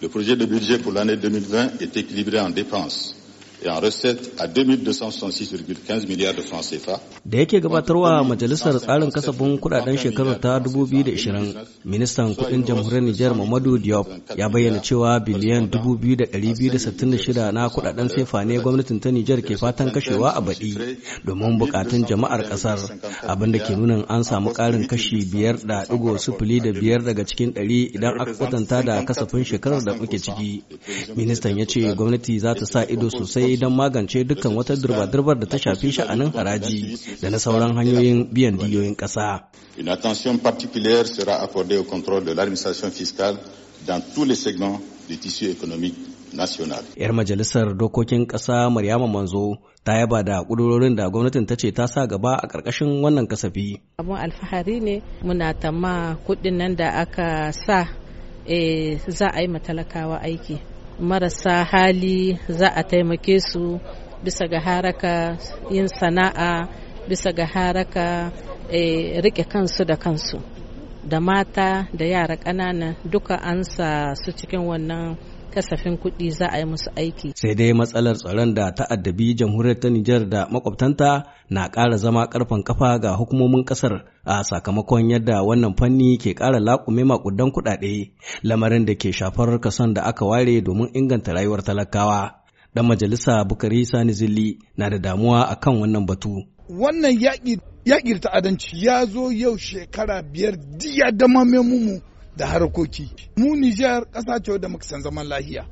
Le projet de budget pour l'année 2020 est équilibré en dépenses. et en recette à 2266,15 Da yake gabatarwa majalisar tsarin kasafin kudaden shekarar ta 2020, ministan kudin jamhuriyar Nijar Mamadu Diop ya bayyana cewa biliyan 2,266 na kudaden sefa ne gwamnatin ta Nijar ke fatan kashewa a baɗi domin bukatun jama'ar ƙasar da ke nuna an samu ƙarin kashi biyar da biyar daga cikin ɗari idan aka kwatanta da kasafin shekarar da muke ciki. Ministan ya ce gwamnati za ta sa ido sosai sosai don magance dukkan wata durba-durbar da ta shafi sha'anin haraji da na sauran hanyoyin biyan diyoyin ƙasa. Une attention particulière sera accordée au contrôle de l'administration fiscale dans tous les segments du tissu économique national. Yar majalisar dokokin ƙasa Maryama Manzo ta yaba da ƙudurorin da gwamnatin ta ce ta sa gaba a ƙarƙashin wannan kasafi. Abun alfahari ne muna tama kuɗin nan da aka sa eh, za a yi matalakawa aiki. marasa hali za a taimake su bisa ga haraka yin sana'a bisa ga haraka e, eh, rike kansu da kansu da mata da yara ƙanana duka ansa su cikin wannan kasafin kuɗi za a yi musu aiki. Sai dai matsalar tsaron da ta'addabi jamhuriyar ta Nijar da makwabtanta na ƙara zama ƙarfan kafa ga hukumomin ƙasar a sakamakon yadda wannan fanni ke ƙara laƙume maƙudan kuɗaɗe lamarin da ke shafar kason da aka ware domin inganta rayuwar talakawa. Ɗan majalisa Bukari Sani Zilli na da damuwa akan wannan batu. Wannan yaƙi yaƙi da ya zo yau shekara biyar diya da mu da harkoki mu Nijar ƙasa ce da muka san zaman lahiya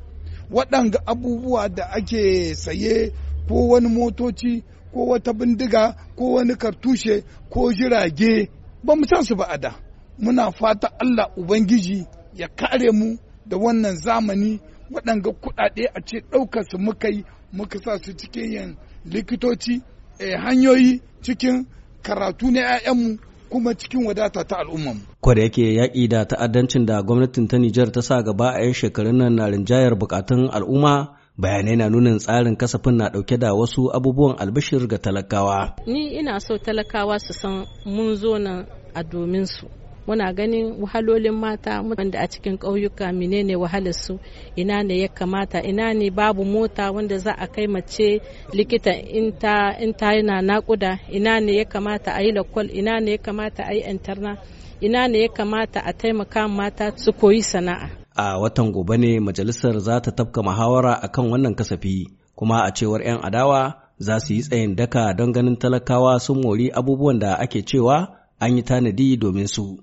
waɗanga abubuwa da ake saye ko wani motoci ko wata bindiga ko wani kartushe ko jirage ba mu san su ba a da muna fata Allah Ubangiji ya kare mu da wannan zamani waɗanga kuɗaɗe a ce ɗaukar su muka yi muka sa su cikin yin likitoci eh, hanyoyi cikin karatu na 'ya'yanmu kuma cikin wadata ta al'umman. Kwada yake yaƙi da ta'addancin da gwamnatin ta Nijar ta sa gaba a 'yan shekarun nan na rinjayar bukatun al'umma bayanai na nunin tsarin kasafin na ɗauke da wasu abubuwan albishir ga talakawa. Ni ina so talakawa su san mun zo nan a domin su. muna ganin wahalolin mata wanda a cikin ƙauyuka menene wahalar su ina ne ya kamata ina ne babu mota wanda za a kai mace likita in ta yana nakuda ina ne ya kamata a yi lakwal ina ne ya kamata a yi interna ina ne ya kamata a taimaka mata su koyi sana'a a watan gobe ne majalisar za ta tafka muhawara akan wannan kasafi kuma a cewar 'yan adawa za su yi tsayin daka don ganin talakawa sun mori abubuwan da ake cewa an yi tanadi domin su.